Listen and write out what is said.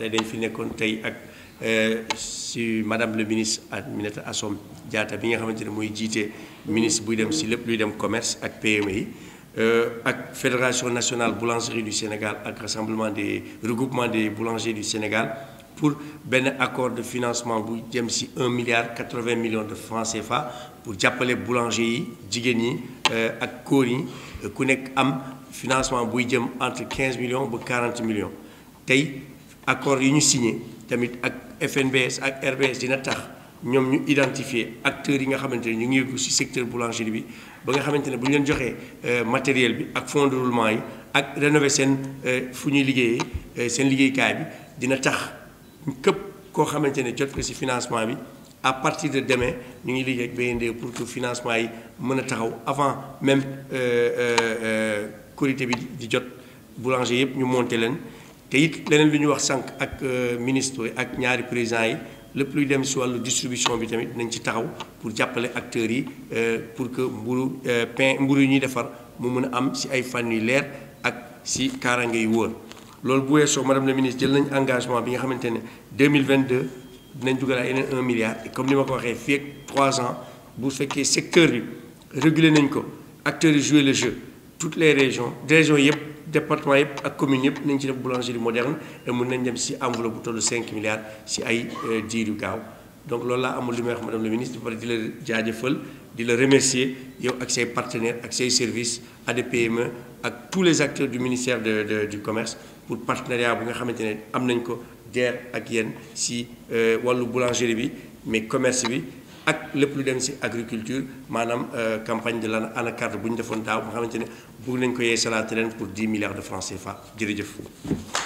te dañ fi nekkoon tey ak euh, si madame le ministre Aminata Assome Diatta bi nga xamante ne mooy jiite ministre buy dem si lépp luy dem commerce ak PME yi euh, ak fédération nationale boulangerie du Sénégal ak rassemblement de regroupement de boulangers du Sénégal pour benn accord de financement bu jëm si un milliard quatre-vingts millions de francs fa pour jàppale boulanger yi jigéen ñi euh, ak kóor yi ku nekk am financement buy jëm entre quinze millions ba quarante millions tey. accord yi ñu signé tamit ak FNBS ak RBS dina tax ñoom ñu identifier acteurs yi nga xamante ne ñu ngi yëngu ci secteur boulangerie bi ba nga xamante ne bu ñu leen joxee euh, matériel bi ak fonds de yi ak rénover seen euh, fu ñuy liggéeyee euh, seen liggéeykaay bi dina tax képp koo xamante ne jot ko ci financement bi à partir de demain ñu ngi liggéey ak BND pour que financement yi mën a taxaw avant même Korité bi di jot boulanger yëpp ñu monter leen. te it leneen lu ñu wax sànq ak euh, ministre yi ak ñaari président yi lépp luy dem si wàllu distribution bi tamit nañ ci taxaw pour jàppale acteurs yi euh, pour que mburu euh, pain mburu yi ñuy defar mu mën a am ci ay fànn yu leer ak si kaaraange yi wóor loolu bu weesoo madame la ministre jël nañ engagement bi nga xamante ne 2022 dinañ dugalaa yeneen 1 milliard et comme ni ma ko waxee fii ak 3 ans bu fekkee secteur bi réguler nañ ko acteur yi jouer le jeu toutes les régions régions yëpp département yëpp ak commune yëpp nañ ci def boulangerie moderne et mun nañ dem si enveloppe bu tollu cinq milliards si ay euh, diir yu gaaw donc loolu laa amul li may wax madame la ministre ba pare di la jaajëfal di la remercier yow ak say partenaires ak say services ADPME ak tous les acteurs du ministère de de du commerce pour partenariat bu nga xamante ne am nañ ko DER ak yéen si euh, wàllu boulangerie bi mais commerce bi. ak lépp lu dem si agriculture maanaam euh, campagne de la anacarde bu ñu defoon daaw nga xamante ne bëgg nañ ko yeesalaat ren pour dix milliards de francs CFA jëf